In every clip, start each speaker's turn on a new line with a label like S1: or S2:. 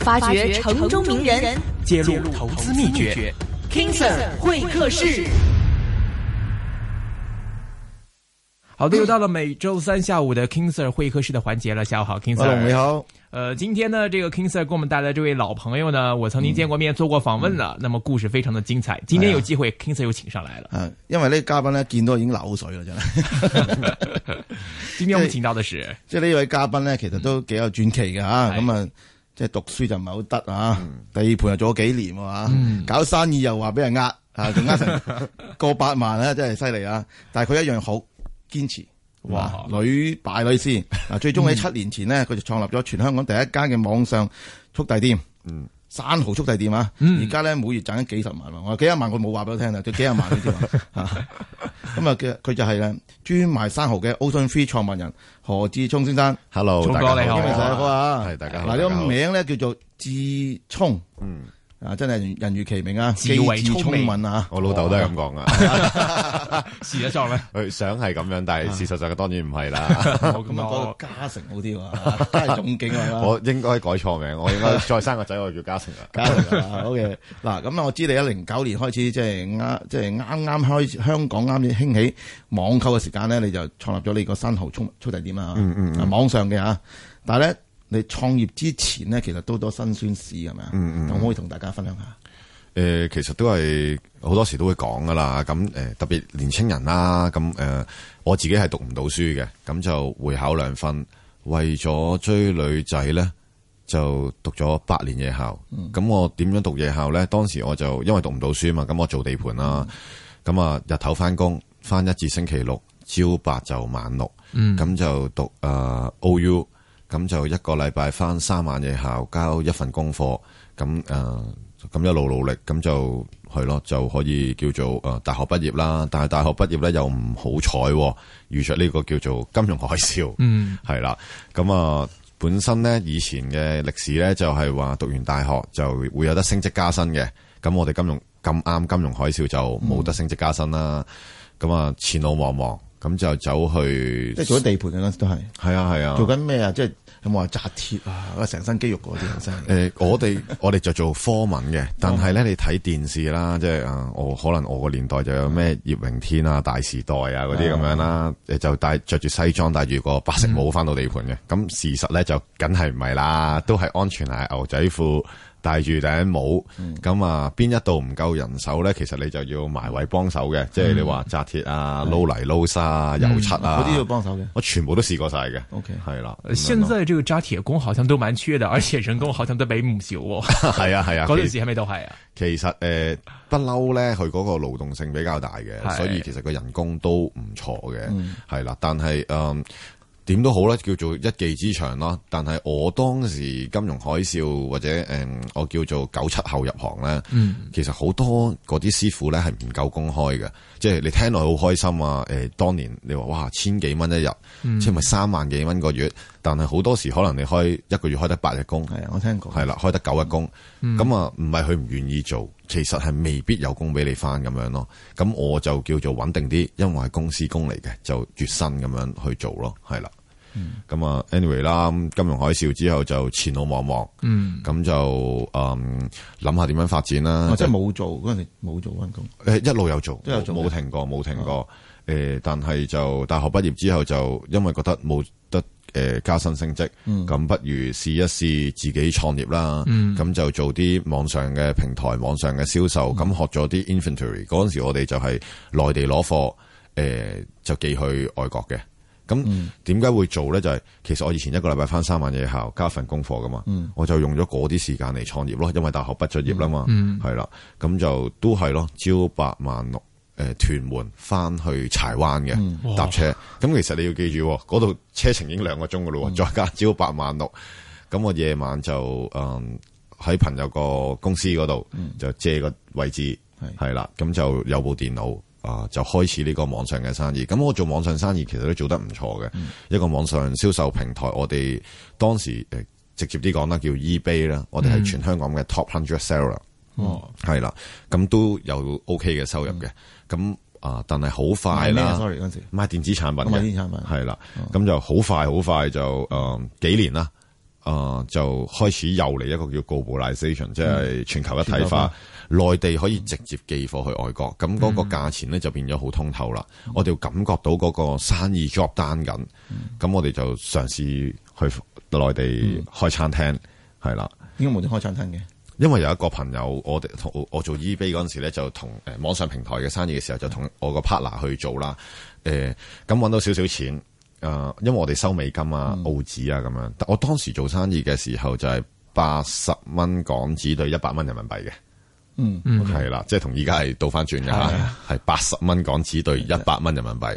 S1: 發掘城中名人，揭露投資秘訣。King Sir 會客室。好的，又到了每周三下午的 King Sir 會客室的環節了。下午好，King Sir，你好。呃，今天呢，這個 King Sir 給我們帶來這位老朋友呢，我曾經見過面，嗯、做過訪問了。嗯、那麼故事非常的精彩。今天有機會、哎、呀，King Sir 又請上來
S2: 了。啊，因為呢嘉賓呢見到已經流口水啦，真係。 今天我們請到的是，即呢位嘉賓呢，其實都幾有傳奇嘅，咁啊。啊即係讀書就唔係好得啊！第二盤又做咗幾年啊？嗯、搞生意又話俾人呃，啊，仲呃成過百萬啊！真係犀利啊！但係佢一樣好堅持，哇！屢敗屢試啊！最終喺七年前呢，佢就創立咗全香港第一間嘅網上速遞店，嗯。山蠔速遞店啊，而家咧每月賺緊幾十萬喎。幾十萬我話幾廿萬，佢冇話俾我聽啦，佢幾廿萬呢啲。咁啊，佢佢就係咧專賣山蠔嘅 Ocean Three 創辦人何智聰先生。Hello，聰哥，大家好，你好，歡迎哥啊。係大家嗱，呢個名咧叫做智聰。嗯。啊！真係人如其名啊，機智聰敏啊！我老豆都係咁講啊，
S3: 試一撞咩？佢想係咁樣，但係事實上嘅當然唔係啦。咁 啊，
S2: 嘉誠好啲啊，嘉永景啊。我應該改錯名，我應該再生個仔，我叫嘉誠啊。嘉 OK 嗱，咁啊、嗯，我知你喺零九年開始，即係啱，即係啱啱開香港啱啱興起網購嘅時間咧，你就創立咗你個新濠速遞點啊。嗯，嗯，嗯啊網上嘅啊，但係咧。你創業之前咧，其實都多辛酸事，係咪啊？嗯嗯，可唔可以同大家分享下？
S3: 誒、呃，其實都係好多時都會講噶啦。咁誒、呃，特別年青人啦。咁誒、呃，我自己係讀唔到書嘅，咁就會考兩分，為咗追女仔咧，就讀咗八年夜校。咁、嗯、我點樣讀夜校咧？當時我就因為讀唔到書嘛，咁我做地盤啦。咁啊、嗯，日頭返工，返一至星期六，朝八就晚六。咁就讀誒 OU。呃呃咁就一個禮拜返三晚夜校，交一份功課。咁、呃、誒，咁一路努力，咁就係咯，就可以叫做誒、呃、大學畢業啦。但係大學畢業咧又唔好彩，遇著呢個叫做金融海嘯。嗯，係啦。咁、嗯、啊，本身咧以前嘅歷史咧就係、是、話讀完大學就會有得升職加薪嘅。咁我哋金融咁啱金融海嘯就冇得升職加薪啦。咁啊、嗯、前路茫茫，咁就走去即係做啲地盤嗰陣時都係係啊係啊，做緊
S2: 咩啊即係。today way .咁我話紮鐵啊，嗰成身肌肉嗰啲人真
S3: 係、呃。我哋我哋就做科文嘅，但係咧 你睇電視啦，即係啊，我可能我個年代就有咩葉榮添啊、大時代啊嗰啲咁樣啦，誒 就著住西裝，戴住個白色帽返到地盤嘅。咁 事實咧就梗係唔係啦，都係安全鞋牛仔褲。戴住頂帽，咁啊邊一度唔夠人手咧，其實你就要埋位幫手嘅，即係你話紮鐵啊、撈泥撈沙啊、油漆啊，嗰啲要幫手嘅。我全部都試過晒嘅。O K，
S1: 係啦。現在這個紮鐵工好像都蠻缺的，而且人工好像都畀唔少。係啊係啊，嗰陣時係咪都係啊？
S3: 其實誒，不嬲咧，佢嗰個勞動性比較大嘅，所以其實個人工都唔錯嘅。係啦，但係誒。點都好咧，叫做一技之長咯。但係我當時金融海嘯或者誒、嗯，我叫做九七後入行咧，嗯、其實好多嗰啲師傅咧係唔夠公開嘅，即係你聽落好開心啊！誒，當年你話哇，千幾蚊一日，嗯、即係咪三萬幾蚊個月？但係好多時可能你開一個月開得八日工，係啊，我聽過係啦，開得九日工。咁啊、嗯，唔係佢唔願意做，其實係未必有工俾你翻咁樣咯。咁我就叫做穩定啲，因為係公司工嚟嘅，就月薪咁樣去做咯，係啦。咁啊、嗯、anyway 啦，金融海嘯之後就前路茫茫，咁、嗯、就嗯諗下點樣發展啦。哦、啊，就即係
S2: 冇做嗰陣時冇做份工，
S3: 誒、欸、一路有做，一路做冇停過冇停過。誒、嗯呃，但係就大學畢業之後就因為覺得冇得。誒、呃，加薪升職，咁、嗯、不如試一試自己創業啦。咁、嗯、就做啲網上嘅平台，網上嘅銷售。咁、嗯、學咗啲 inventory，嗰陣時我哋就係內地攞貨，誒、呃、就寄去外國嘅。咁點解會做呢？就係、是、其實我以前一個禮拜返三晚夜校，後加份功課㗎嘛。嗯、我就用咗嗰啲時間嚟創業咯，因為大學畢咗業啦嘛。係、嗯嗯、啦，咁就都係咯，朝八晚六。誒屯門返去柴灣嘅、嗯、搭車，咁其實你要記住，嗰度車程已經兩個鐘噶咯，再加朝八晚六。咁我夜晚就誒喺朋友個公司嗰度、嗯、就借個位置係啦，咁是就有部電腦啊、呃，就開始呢個網上嘅生意。咁我做網上生意其實都做得唔錯嘅，嗯、一個網上銷售平台，我哋當時誒、呃、直接啲講啦，叫 eBay 啦，我哋係全香港嘅 top hundred seller，係啦、嗯，咁、嗯嗯、都有 OK 嘅收入嘅、嗯。嗯咁啊，但係好快啦！Sorry，嗰陣時賣電子產品，賣電子產品。係啦，咁就好快好快就誒幾年啦，誒就開始又嚟一個叫 globalization，即係全球一體化，內地可以直接寄貨去外國，咁嗰個價錢咧就變咗好通透啦。我哋感覺到嗰個生意 drop down 緊，咁我哋就嘗試去內地開餐廳，係啦，
S2: 應該冇得開餐廳嘅。
S3: 因為有一個朋友，我哋同我做 eBay 嗰陣時咧，就同誒網上平台嘅生意嘅時候，就同我個 partner 去做啦。誒，咁揾到少少錢。誒、呃，因為我哋收美金啊、澳紙啊咁樣。但我當時做生意嘅時候就係八十蚊港紙對一百蚊人民幣嘅、嗯。
S2: 嗯嗯，係
S3: 啦、okay，即係同而家係倒翻轉嘅㗎，係八十蚊港紙對一百蚊人民幣。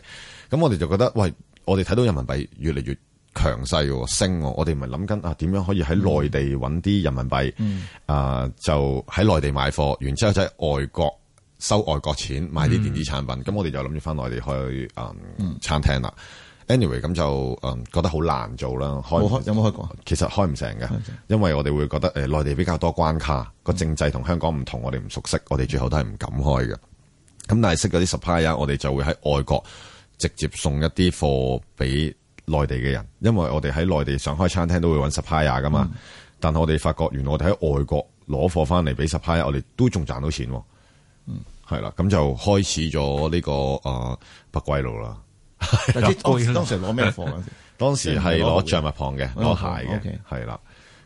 S3: 咁我哋就覺得，喂，我哋睇到人民幣越嚟越強勢喎升喎，我哋唔係諗緊啊，點樣可以喺內地揾啲人民幣啊、嗯呃，就喺內地買貨，然之後就喺外國收外國錢買啲電子產品，咁、嗯、我哋就諗住翻內地開啊、嗯、餐廳啦。Anyway，咁就嗯覺得好難做啦，開，開有冇開過？其實開唔成嘅，的因為我哋會覺得誒內、呃、地比較多關卡，個、嗯、政制同香港唔同，我哋唔熟悉，我哋最後都係唔敢開嘅。咁但係識嗰啲 supplier，我哋就會喺外國直接送一啲貨俾。內地嘅人，因為我哋喺內地上開餐廳都會揾 supplier 啊，噶嘛。嗯、但係我哋發覺，原來我哋喺外國攞貨翻嚟俾 supplier，我哋都仲賺到錢。嗯，係、anyway, 啦，咁、呃、就開始咗呢個誒不歸路啦。當時攞咩貨啊？當時係攞着物旁嘅，攞鞋嘅，係啦。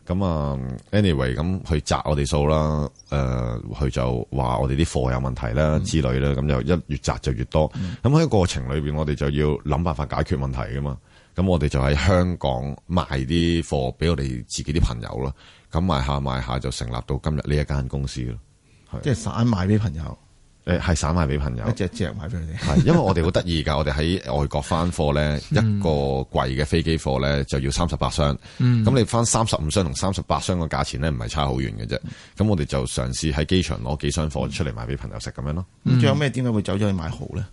S3: 咁啊，anyway，咁去摘我哋數啦，誒，佢就話我哋啲貨有問題啦、嗯、之類啦，咁就一越扎就越多。咁喺、嗯、過程裏邊，我哋就要諗辦法解決問題噶嘛。咁我哋就喺香港賣啲貨俾我哋自己啲朋友咯，咁賣下賣下就成立到今日呢一間公司咯，
S2: 即係散賣俾朋友。誒、欸，係散賣俾朋友，一隻隻賣俾佢哋。係， 因為我哋好
S3: 得意噶，我哋喺外國翻貨咧，嗯、一個櫃嘅飛機貨咧就要三十八箱，咁、嗯、你翻三十五箱同三十八箱嘅價錢咧唔係差好遠嘅啫。咁、嗯、我哋就嘗試喺機場攞幾箱貨出嚟賣俾朋友食咁樣咯。仲有咩？點解會走咗去賣蠔咧？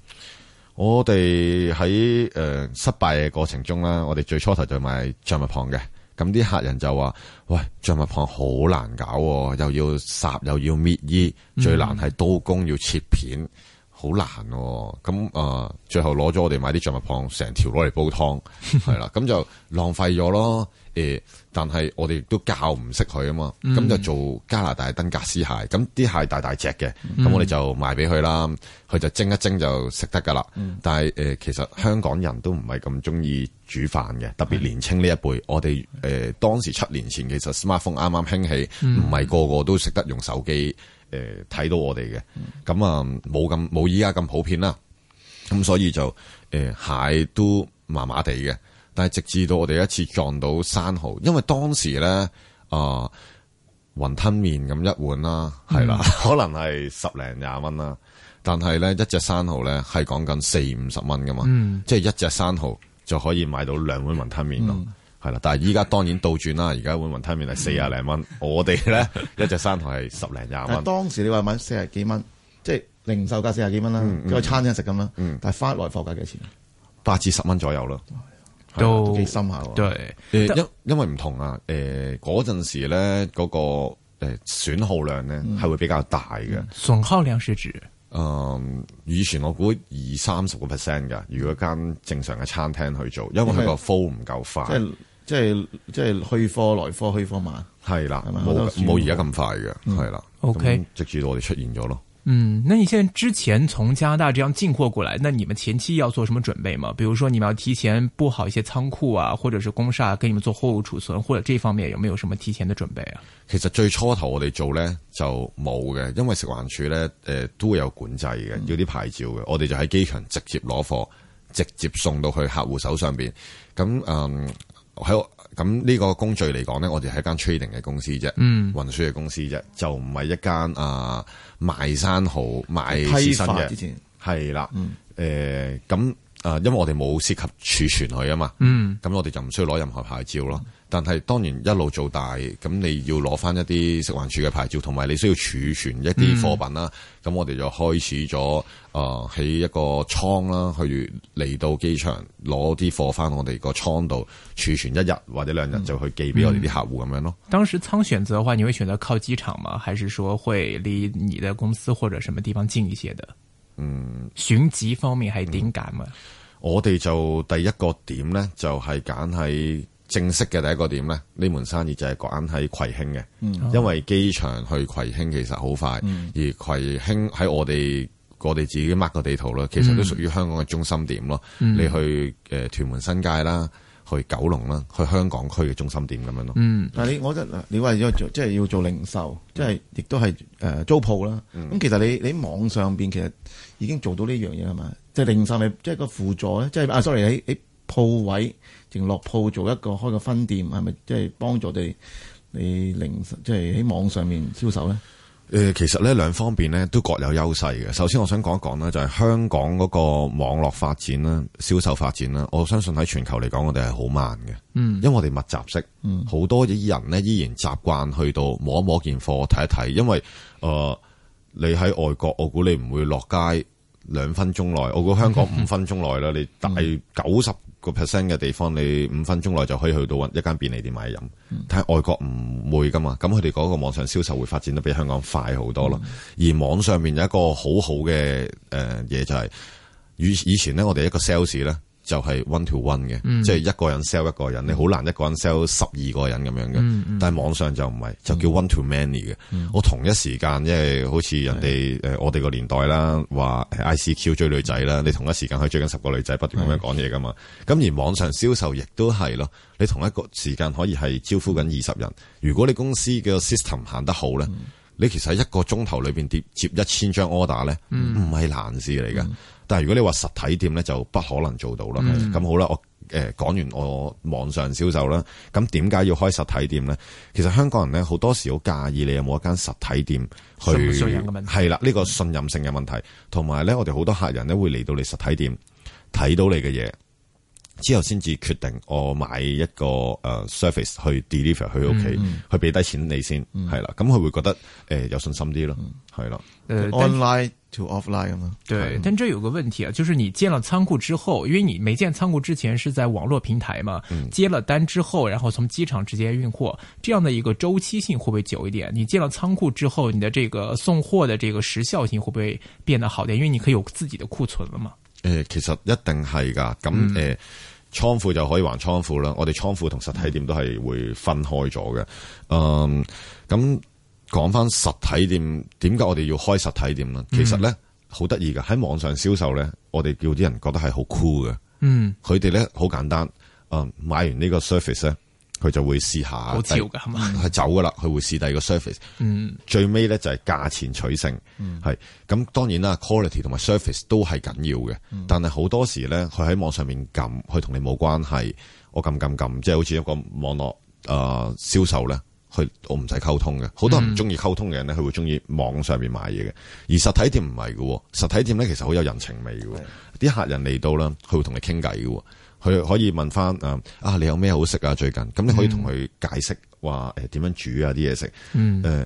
S3: 我哋喺誒失敗嘅過程中啦，我哋最初頭就賣象拔蚌嘅，咁啲客人就話：「喂，象拔蚌好難搞喎，又要殺又要搣衣，嗯、最難係刀工要切片。好難嘅，啊，咁啊，呃，最後攞咗我哋買啲象拔蚌，成條攞嚟煲湯，係啦， 咁就浪費咗咯。誒，呃，但係我哋都教唔識佢啊嘛，咁，嗯，就做加拿大登格斯蟹，咁啲蟹大大隻嘅，咁，嗯，我哋就賣俾佢啦，佢就蒸一蒸就食得噶啦。嗯，但係誒，呃，其實香港人都唔係咁中意煮飯嘅，特別年青呢一輩，的我哋誒、呃，當時七年前其實 smartphone 啱啱興起，唔係，嗯，個，個個都識得用手機。誒，睇到我哋嘅，咁啊冇咁冇依家咁普遍啦，咁所以就誒蟹都麻麻地嘅，但係直至到我哋一次撞到生蠔，因為當時咧，啊雲吞麵咁一碗啦，係啦，可能係十零廿蚊啦，但係咧一隻生蠔咧係講緊四五十蚊噶嘛，嗯、即係一隻生蠔就可以買到兩碗雲吞麵咯。嗯嗯係啦，但係依家當然倒轉啦。而家一碗雲吞麵係四廿零蚊，我哋咧一隻山頭係
S2: 十零廿蚊。當時你話買四廿幾蚊，即係零售價四廿幾蚊啦，咁去餐廳食咁啦。但係返來貨價幾錢？
S3: 八至十
S2: 蚊左右咯，都幾深下。對，
S3: 因因為唔同啊。誒，嗰陣時咧嗰個誒損耗量咧係會比較大嘅。
S1: 損耗量是指
S3: 誒，以前我估二三十個 percent 噶。如果間正常嘅餐廳去做，因為佢個 flow 唔夠快。
S2: 即係即係去貨來貨去貨嘛，
S3: 係啦，冇冇而家咁快嘅，係啦。O K，、嗯、吧直至到我哋出現咗咯。嗯，
S1: 那你現在之前從加拿大這樣進貨過來，那你們前期要做什麼準備嘛？比如說你們要提前佈好一些倉庫啊，或者是工廈，給你們做貨物儲存，或者這方面有沒有什麼提前的準備啊？
S3: 其實最初頭我哋做呢就冇嘅，因為食環署呢誒、呃、都會有管制嘅，要啲牌照嘅。我哋就喺機場直接攞貨，直接送到去客戶手上邊。咁嗯。嗯喺咁呢個工序嚟講咧，我哋係一間 trading 嘅公司啫，運輸嘅公司啫，就唔係一間啊賣生蚝、賣批發嘅，之前係啦。誒，咁啊了、嗯呃，因為我哋冇涉及儲存佢啊嘛，咁、嗯、我哋就唔需要攞任何牌照咯。但係當然一路做大，咁你要攞翻一啲食環署嘅牌照，同埋你需要儲存一啲貨品啦。咁、嗯、我哋就開始咗誒喺一個倉啦，去嚟到機場攞啲貨翻我哋個倉度儲存一日或者兩日，就去寄俾我哋啲客戶咁、嗯嗯、樣咯。
S1: 當時倉選擇嘅話，你會選擇靠機場嗎？還是說會離你的公司或者什麼地方近一些的？
S3: 嗯，選址方面係點揀啊？我哋就第一個點咧，就係揀喺。正式嘅第一個點咧，呢門生意就係講喺葵興嘅，嗯、因為機場去葵興其實好快，嗯、而葵興喺我哋我哋自己 mark 個地圖咧，其實都屬於香港嘅中心點咯。嗯嗯、你去誒屯門新界啦，去九龍啦，去
S2: 香港區嘅中心點咁樣咯。嗯，但係你我覺得你話要做即係要做零售，即係亦都係誒、呃、租鋪啦。咁、嗯、其實你你網上邊其實已經做到呢樣嘢係嘛？即係、就是、零售係即係個輔助咧、就是，即係啊，sorry 喺喺鋪位。定落鋪做一個開個分店，係咪即係幫助我哋你零即係喺網上面銷售咧？
S3: 誒、呃，其實呢兩方面咧都各有優勢嘅。首先，我想講一講咧，就係、是、香港嗰個網絡發展啦、銷售發展啦。我相信喺全球嚟講，我哋係好慢嘅。嗯，因為我哋密集式，好、嗯、多嘅人呢依然習慣去到摸一摸件貨睇一睇，因為誒、呃、你喺外國，我估你唔會落街兩分鐘內，我估香港五分鐘內啦，嗯嗯嗯、你大九十個 percent 嘅地方，你五分鐘內就可以去到一間便利店買飲。但係外國唔會噶嘛，咁佢哋個網上銷售會發展得比香港快好多咯。而網上面有一個好好嘅誒嘢就係、是、以以前咧，我哋一個 sales 咧。就係 one to one 嘅，嗯、即係一個人 sell 一個人，你好難一個人 sell 十二個人咁樣嘅。嗯嗯、但係網上就唔係，就叫 one to many 嘅。嗯、我同一時間，因為好似人哋誒是的、呃、我哋個年代啦，話 ICQ 追女仔啦，是的 你同一時間可以追緊十個女仔，不斷咁樣講嘢㗎嘛。咁是的 而網上銷售亦都係咯，你同一個時間可以係招呼緊二十人。如果你公司嘅 system 行得好呢。是的 嗯你其實喺一個鐘頭裏邊接接一千張 order 咧、嗯，唔係難事嚟㗎。嗯、但係如果你話實體店咧，就不可能做到啦。咁、嗯、好啦，我誒、呃、講完我網上銷售啦。咁點解要開實體店咧？其實香港人咧好多時好介意你有冇一間實體店去，信任嘅問題？係啦，呢、呢個信任性嘅問題，同埋咧我哋好多客人咧會嚟到你實體店睇到你嘅嘢。之後先至決定我買一個誒 service 去 deliver 去屋企，去俾低錢你先，係啦。咁佢會覺得誒、欸、有信心啲咯，係啦。誒 online to offline 啊，
S1: 對、呃，但係有個問題啊，就是你建了倉庫之後，因為你沒建倉庫之前是在網絡平台嘛，嗯、接了單之後，然後從機場直接運貨，這樣的一個周期性會不會久一點？你建了倉庫之後，你的這個送貨的這個時效性會不會變得好啲？因為你可以有自己的庫存了嘛。
S3: 誒，其實一定係噶，咁誒，倉庫、嗯欸、就可以還倉庫啦。我哋倉庫同實體店都係會分開咗嘅。嗯，咁講翻實體店，點解我哋要開實體店咧？嗯、其實咧，好得意噶，喺網上銷售咧，我哋叫啲人覺得係好 cool 嘅。嗯，佢哋咧好簡單，嗯，買完個呢個 service 咧。佢就會試下，好潮噶嘛，佢走噶啦，佢會試第二個 service 嗯，最尾咧就係價錢取勝，係咁、嗯、當然啦，quality 同埋 service 都係緊要嘅。但係好多時咧，佢喺網上面撳，佢同你冇關係。我撳撳撳，即係好似一個網絡誒、呃、銷售咧，佢我唔使溝通嘅。好多唔中意溝通嘅人咧，佢會中意網上面買嘢嘅。而實體店唔係嘅，實體店咧其實好有人情味嘅，啲客人嚟到啦，佢會同你傾偈嘅。佢可以問翻啊啊，你有咩好食啊？最近咁，你可以同佢解釋話誒點樣煮啊啲嘢食，嗯、誒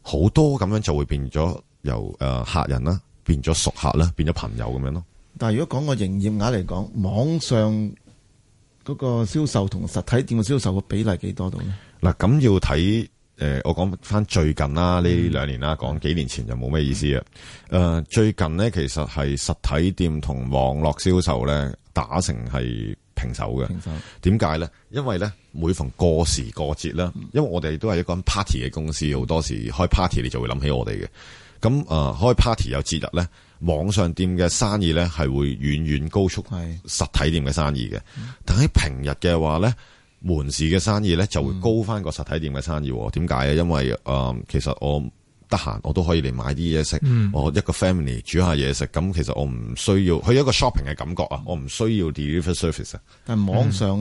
S3: 好多咁樣就會變咗由誒客人啦，變咗熟客啦，變咗朋友咁樣咯。
S2: 但係如果講個營業額嚟講，網上嗰個銷售同實體店嘅銷售個比例幾多度呢？
S3: 嗱、嗯，咁要睇誒、呃，我講翻最近啦，呢兩年啦，講幾年前就冇咩意思啊。誒、呃，最近呢，其實係實體店同網絡銷售咧。打成係平手嘅，平手，點解咧？因為咧，每逢過時過節啦，嗯、因為我哋都係一個 party 嘅公司，好多時開 party 你就會諗起我哋嘅。咁啊、呃，開 party 有節日咧，網上店嘅生意咧係會遠遠高速，係實體店嘅生意嘅。是但喺平日嘅話咧，門市嘅生意咧就會高翻個實體店嘅生意。點解啊？因為誒、呃，其實我。得閒我都可以嚟買啲嘢食，我一個 family 煮下嘢食，咁其實我唔需要，去一個 shopping 嘅感覺啊，我唔需要 delivery service 啊。
S2: 但係網上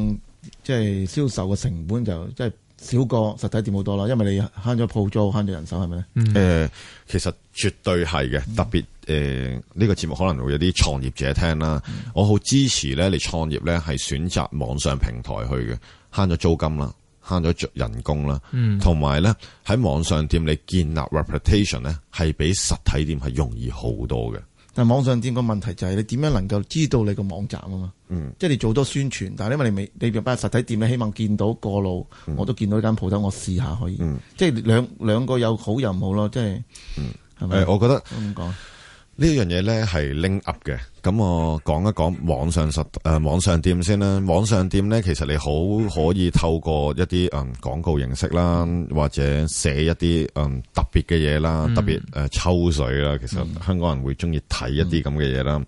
S2: 即係、嗯、銷售嘅成本就即係少過實體店好多啦，因為你慳咗鋪租、慳咗人手係咪咧？誒、嗯呃，
S3: 其實絕對係嘅，特別誒呢、呃呢個節目可能會有啲創業者聽啦，我好支持咧你創業咧係選擇網上平台去嘅，慳咗租金啦。慳咗人工啦，同埋咧喺網上店你建立 reputation 咧係比實體店係容易好多嘅。
S2: 但係網上店個問題就係你點樣能夠知道你個網站啊嘛？嗯、即係你做多宣傳，但係因為你未你入翻實體店，你希望見到過路，嗯、我都見到呢間鋪頭，我試下可以。嗯、即係兩兩個有好有唔好咯，即係係咪？誒，我覺得咁講。呢樣嘢呢係拎 Up 嘅，咁我
S3: 講一講網上實誒、呃、網上店先啦。網上店呢，其實你好可以透過一啲嗯廣告形式啦，或者寫一啲嗯特別嘅嘢啦，特別誒抽水啦。嗯、其實香港人會中意睇一啲咁嘅嘢啦，嗯、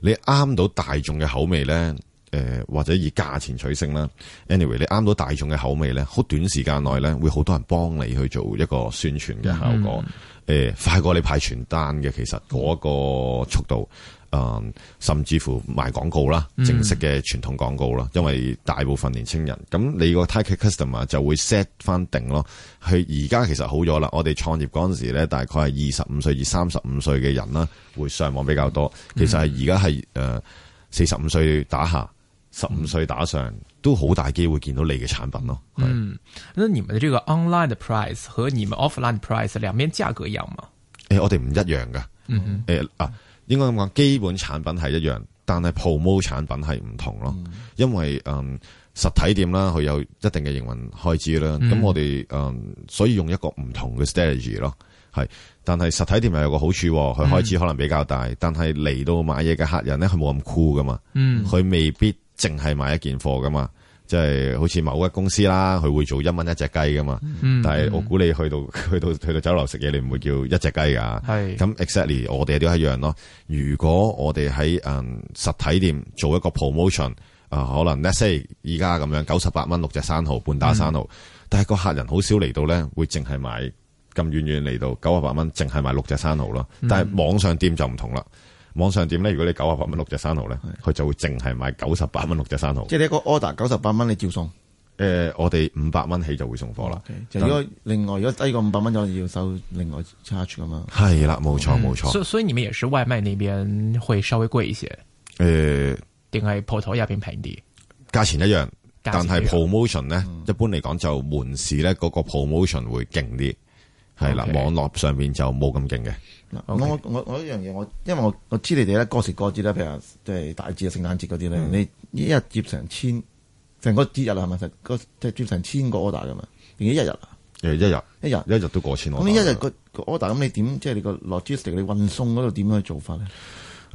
S3: 你啱到大眾嘅口味呢，誒，或者以價錢取勝啦。Anyway，你啱到大眾嘅口味咧，好短時間內咧，會好多人幫你去做一個宣傳嘅效果。誒、嗯欸，快過你派傳單嘅，其實嗰個速度。嗯。誒，甚至乎賣廣告啦，正式嘅傳統廣告啦，因為大部分年青人，咁你個 target customer 就會 set 翻定咯。佢而家其實好咗啦。我哋創業嗰陣時咧，大概係二十五歲至三十五歲嘅人啦，會上網比較多。其實係而家係誒四十五歲打下。十五歲打上、嗯、都好大機會見到你嘅產品咯。
S1: 嗯，你們的這個 online 的 price 和你們 offline price，兩邊價格、欸、一樣
S3: 嗎？誒、嗯，我哋唔一樣㗎。誒、嗯、啊，應該咁講，基本產品係一樣，但係 promo 產品係唔同咯。嗯、因為誒、呃、實體店啦，佢有一定嘅營運開支啦。咁、嗯、我哋誒、呃、所以用一個唔同嘅 strategy 咯，係。但係實體店係有個好處，佢開支可能比較大，嗯、但係嚟到買嘢嘅客人咧，佢冇咁 cool 噶嘛。嗯，佢未必。淨係買一件貨㗎嘛，即、就、係、是、好似某一公司啦，佢會做一蚊一隻雞㗎嘛。嗯、但係我估你去到、嗯、去到去到，去到酒樓食嘢，你唔會叫一隻雞㗎、啊。係咁是 exactly，我哋都一樣咯。如果我哋喺誒實體店做一個 promotion，啊、呃、可能 let's say 依家咁樣九十八蚊六隻生蠔，半打生蠔，嗯、但係個客人好少嚟到咧，會淨係買咁遠遠嚟到九十八蚊，淨係買六隻生蠔咯。但係網上店就唔同啦。嗯網上點咧？如果你九十八蚊六隻生蠔
S2: 咧，佢是就會淨係賣九十八蚊六隻生蠔。即係你一個 order 九十八蚊，你照送。
S3: 誒、呃，我哋五百蚊起就會送貨啦。Okay. 但如果
S2: 另外如果低過五百蚊咗，要收另外
S1: charge 噶嘛。
S3: 係啦，冇錯冇錯。所、嗯、錯
S1: 所以你們也是外賣那邊會稍微貴一些？
S3: 誒、呃，
S1: 定係鋪頭入邊平啲？
S3: 價錢一樣，一樣但係 promotion 咧，嗯、一般嚟講就門市咧嗰、那個 promotion 會勁啲。係啦，網絡上面就冇咁勁嘅。
S2: 我我我我呢樣嘢，我因為我我知你哋咧，過時過節咧，譬如即係大節啊，聖誕節嗰啲咧，你一日接成千，成個節日係咪？成即係接成千個 order 噶嘛？而一日啊，一日一日一日都過千。咁你一日個 order，咁你點即係你個 logistic，你運送嗰度點樣嘅做法咧？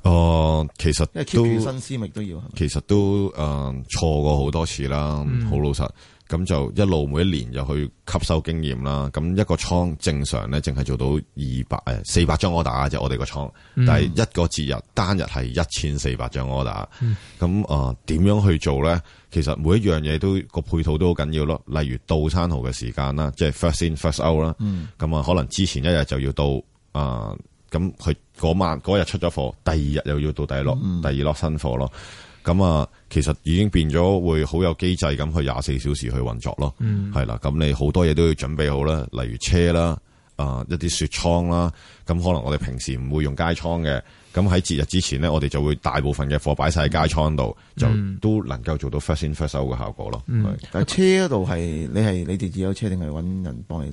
S2: 哦，其實都新思密都要。
S3: 其實都誒，錯過好多次啦，好老實。咁就一路每一年就去吸收經驗啦。咁一個倉正常咧，淨係做到二百誒四百張 order 啫。我哋個倉，嗯、但係一個節日單日係一千四百張 order。咁啊、嗯，呃、點樣去做咧？其實每一樣嘢都個配套都好緊要咯。例如到餐號嘅時間啦，即係 first in first out 啦。咁啊、嗯，可能之前一日就要到啊。咁佢嗰晚嗰日出咗貨，第二日又要到第一落，嗯、第二落新貨咯。咁啊，其實已經變咗會好有機制咁去廿四小時去運作咯，係啦、嗯。咁你好多嘢都要準備好啦，例如車啦，啊、嗯呃、一啲雪倉啦。咁可能我哋平時唔會用街倉嘅，咁喺節日之前咧，我哋就會大部分嘅貨擺晒喺街倉度，就都能夠做到 fast in fast out 嘅效果咯。嗯嗯、的但係車度係你
S2: 係你哋自己有車定係揾人幫你？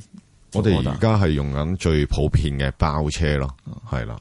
S2: 我哋而家
S3: 係用緊最普遍嘅包車咯，係啦。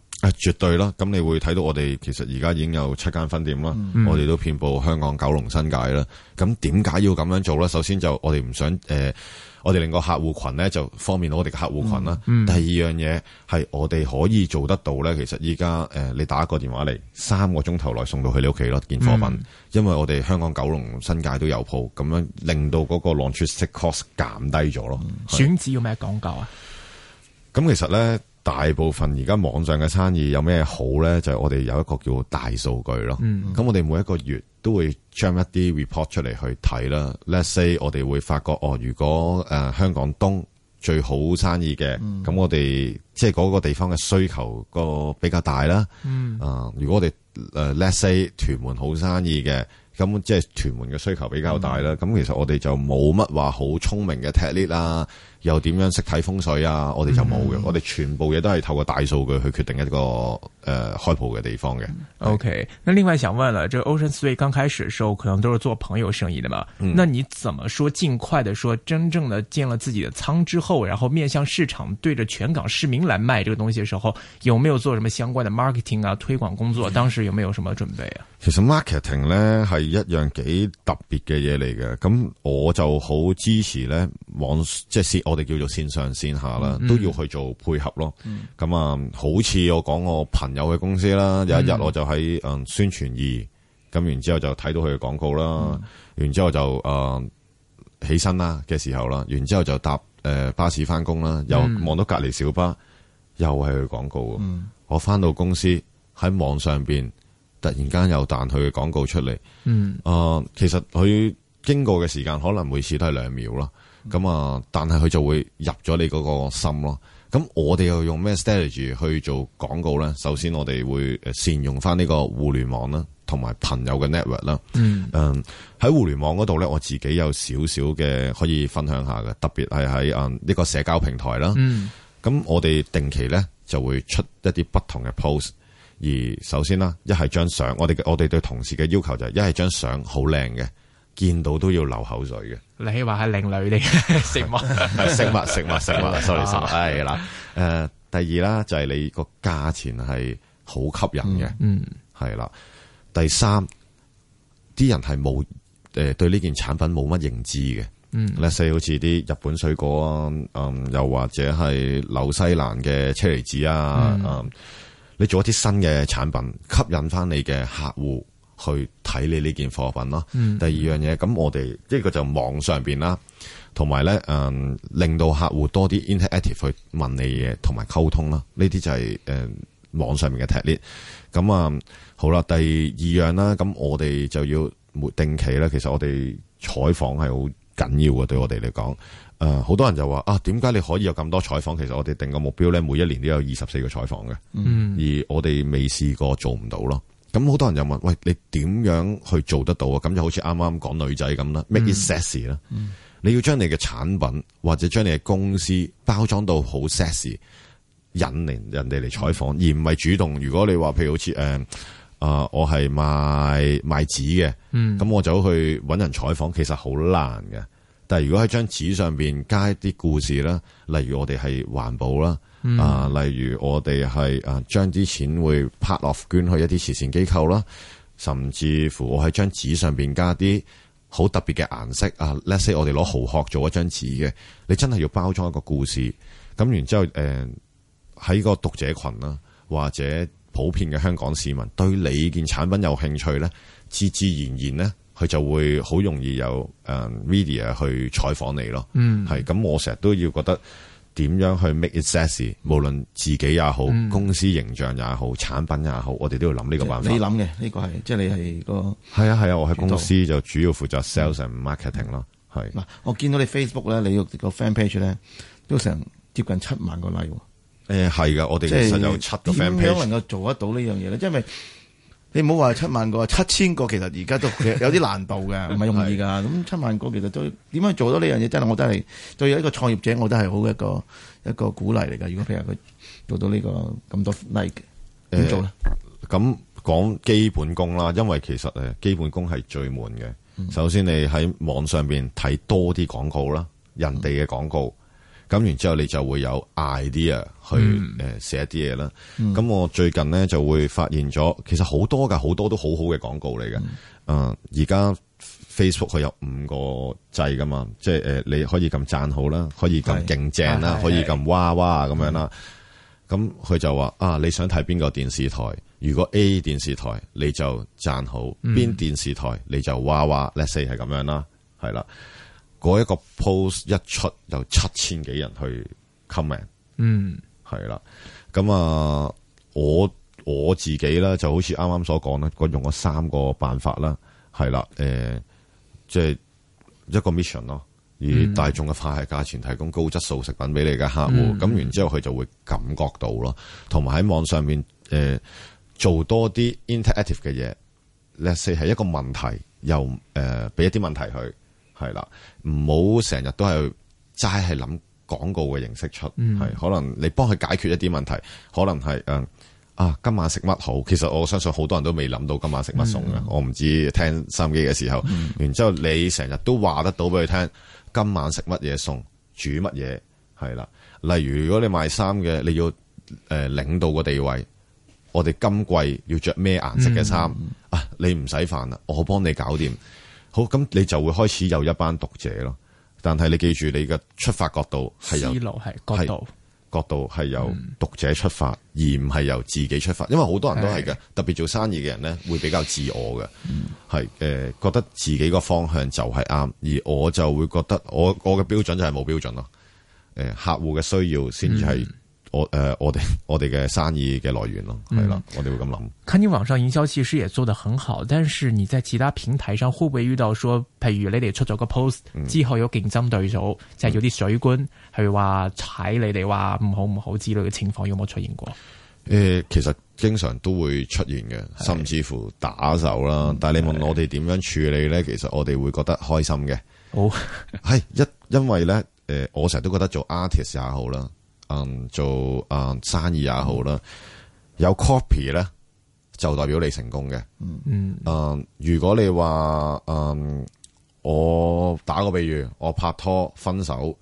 S3: 啊，絕對啦！咁你會睇到我哋其實而家已經有七間分店啦，嗯、我哋都遍布香港九龍新界啦。咁點解要咁樣做咧？首先就我哋唔想誒、呃，我哋令個客戶群咧就方便到我哋嘅客戶群啦。嗯嗯、第二樣嘢係我哋可以做得到咧。其實依家誒，你打一個電話嚟，三個鐘頭內送到去你屋企咯，件貨品。嗯、因為我哋香港九龍新界都有鋪，咁樣令到嗰個 logistic cost 減低咗咯。嗯、是選址要咩講究啊？咁其實咧。大部分而家網上嘅生意有咩好咧？就係、我哋有一個叫大數據咯。咁、嗯嗯、我哋每一個月都會將一啲 report 出嚟去睇啦。Let's say 我哋會發覺哦、呃，如果誒、呃、香港東最好生意嘅，咁、嗯、我哋即係嗰個地方嘅需求個比較大啦。啊、嗯呃，如果我哋誒、呃、Let's say 屯門好生意嘅，咁即係屯門嘅需求比較大啦。咁、嗯、其實我哋就冇乜話好聰明嘅 technique 啦。又點樣識睇風水啊？我哋就冇嘅，嗯、我哋全部嘢都係透過大數據去決定一個誒、呃、開鋪嘅地方嘅。嗯、是 OK，
S1: 那另外想問啦，這 Ocean Three 剛開始嘅時候，可能都是做朋友生意的嘛？嗯、那你怎麼說盡快的說，真正的建了自己的倉之後，然後面向市場，對着全港市民來賣這個東西的時候，有沒有做什麼相關的 marketing 啊推廣工作？當時有沒有什麼準備啊？嗯、
S3: 其實 marketing 呢，係一樣幾特別嘅嘢嚟嘅，咁我就好支持呢，往即係我哋叫做線上線下啦，嗯、都要去做配合咯。咁啊、嗯嗯，好似我講我朋友嘅公司啦，有一日我就喺誒宣傳二，咁然之後就睇到佢嘅廣告啦、嗯呃。然之後就誒起身啦嘅時候啦，然之後就搭誒、呃、巴士翻工啦，又望到隔籬小巴又係佢廣告。嗯、我翻到公司喺網上邊，突然間又彈佢嘅廣告出嚟。嗯，誒、嗯呃，其實佢經過嘅時間可能每次都係兩秒啦。咁啊！嗯、但係佢就會入咗你嗰個心咯。咁我哋又用咩 strategy 去做廣告咧？首先我哋會善用翻呢個互聯網啦，同埋朋友嘅 network 啦。嗯，誒喺、嗯、互聯網嗰度咧，我自己有少少嘅可以分享下嘅，特別係喺誒呢個社交平台啦。嗯，咁我哋定期咧就會出一啲不同嘅 post。而首先啦，一係張相，我哋我哋對同事嘅要求就係一係張相好靚嘅。見到都要流口水嘅，
S1: 你話係另類啲 食,物 食物，食物食物 食物，sorry，食物係啦。
S3: 誒、啊，第二啦，就係、是、你個價錢係好吸引嘅、嗯，嗯，係啦。第三，啲人係冇誒對呢件產品冇乜認知嘅，嗯，第四好似啲日本水果啊，嗯，又或者係紐西蘭嘅車厘子啊，嗯,嗯，你做一啲新嘅產品，吸引翻你嘅客戶。去睇你呢件貨品咯。嗯、第二樣嘢，咁我哋即係佢就網上邊啦，同埋咧誒，令到客戶多啲 interactive 去問你嘢，同埋溝通啦。呢啲就係、是、誒、嗯、網上面嘅 target。咁啊，好啦，第二樣啦，咁我哋就要定期咧。其實我哋採訪係好緊要嘅，對我哋嚟講，誒、呃，好多人就話啊，點解你可以有咁多採訪？其實我哋定個目標咧，每一年都有二十四個採訪嘅。嗯，而我哋未試過做唔到咯。咁好多人就問，喂，你點樣去做得到啊？咁就好似啱啱講女仔咁啦，make it sexy 啦，嗯，你要將你嘅產品或者將你嘅公司包裝到好 sexy，引嚟人哋嚟採訪，嗯，而唔係主動。如果你話譬如好似誒啊，我係賣賣紙嘅，咁，嗯、我走去搵人採訪，其實好難嘅。但係如果喺張紙上邊加一啲故事啦，例如我哋係環保啦，
S2: 嗯、啊，
S3: 例如我哋係啊，將啲錢會 part of 捐去一啲慈善機構啦，甚至乎我喺張紙上邊加啲好特別嘅顏色啊，Let's say、嗯、我哋攞蠔殼做一張紙嘅，你真係要包裝一個故事，咁然之後誒，喺、呃、個讀者群啦，或者普遍嘅香港市民對你件產品有興趣咧，自自然然咧。佢就會好容易有誒、uh, media 去採訪你咯，係咁、嗯、我成日都要覺得點樣去 make it sexy，無論自己也好，嗯、公司形象也好，產品也好，我哋都要諗呢個辦法。你諗
S2: 嘅呢個係即係你係個
S3: 係啊係啊，我喺公司就主要負責 sales and marketing 咯。
S2: 係嗱，我見到你 Facebook 咧，你個 fan page 咧都成接近七萬個例喎。誒係噶，我哋其實有七個 fan page。點樣能夠做得到呢樣嘢咧？即係咪？你唔好話七萬個，七千個其實而家都有啲難度嘅，唔係 容易噶。咁是七萬個其實都點樣做到呢樣嘢？真係我都係對一個創業者，我都係好一個一個鼓勵嚟噶。如果譬如佢做到呢、這個咁多 like，點做咧？
S3: 咁講、嗯嗯嗯、基本功啦，因為其實誒基本功係最悶嘅。首先你喺網上邊睇多啲廣告啦，人哋嘅廣告。咁，然之後你就會有 idea 去誒寫啲嘢啦。咁、嗯、我最近咧就會發現咗，其實好多㗎，好多都好好嘅廣告嚟嘅。誒、嗯，而家、呃、Facebook 佢有五個掣㗎嘛，即係誒、呃、你可以咁讚好啦，可以咁勁正啦，是可以咁哇哇咁、嗯、樣啦。咁、嗯、佢就話啊，你想睇邊個電視台？如果 A 電視台你就讚好，邊、嗯、電視台你就哇哇。Let's say 係咁樣啦，係啦。嗰一個 post 一出就七千幾人去 comment，嗯，係啦，咁啊，我我自己啦就好似啱啱所講咧，我用咗三個辦法啦，係啦，誒、呃，即、就、係、是、一個 mission 咯，以大眾嘅化係價錢提供高質素食品俾你嘅客戶，咁、嗯、然之後佢就會感覺到咯，同埋喺網上面誒、呃、做多啲 interactive 嘅嘢，let's say 係一個問題，又誒俾、呃、一啲問題佢。係啦，唔好成日都係齋係諗廣告嘅形式出，係、嗯、可能你幫佢解決一啲問題，可能係誒、嗯、啊今晚食乜好？其實我相信好多人都未諗到今晚食乜餸嘅，嗯、我唔知聽收音機嘅時候，嗯、然之後你成日都話得到俾佢聽今晚食乜嘢餸，煮乜嘢係啦。例如如果你賣衫嘅，你要誒領導個地位，我哋今季要着咩顏色嘅衫、嗯嗯、啊？你唔使煩啦，我幫你搞掂。好，咁你就會開始有一班讀者咯。但係你記住，你嘅出發角度係由係是角度，角度係由讀者出發，嗯、而唔係由自己出發。因為好多人都係嘅，的特別做生意嘅人咧，會比較自我嘅，係誒、嗯呃、覺得自己個方向就係啱，而我就會覺得我我嘅標準就係冇標準咯。誒、呃，客戶嘅需要先至係。嗯我誒、呃，我哋我哋嘅生意嘅來源咯，係啦，嗯、我哋會咁諗。
S1: 看你網上營銷其實也做得很好，但是你在其他平台上會不會遇到說，說譬如你哋出咗個 post 之後有競爭對手，就係、嗯、有啲水軍去話踩你哋話唔好唔好之類嘅情況，有冇出現過？
S3: 誒、呃，其實經常都會出現嘅，甚至乎打手啦。嗯、但係你問我哋點樣處理咧，的的其實我哋會覺得開心嘅。好係一，因為咧誒、呃呃，我成日都覺得做 artist 也好啦。嗯，做嗯生意也好啦，有 copy 咧就代表你成功嘅。嗯嗯。誒、嗯，如果你話誒、嗯，我打個比喻，我拍拖分手，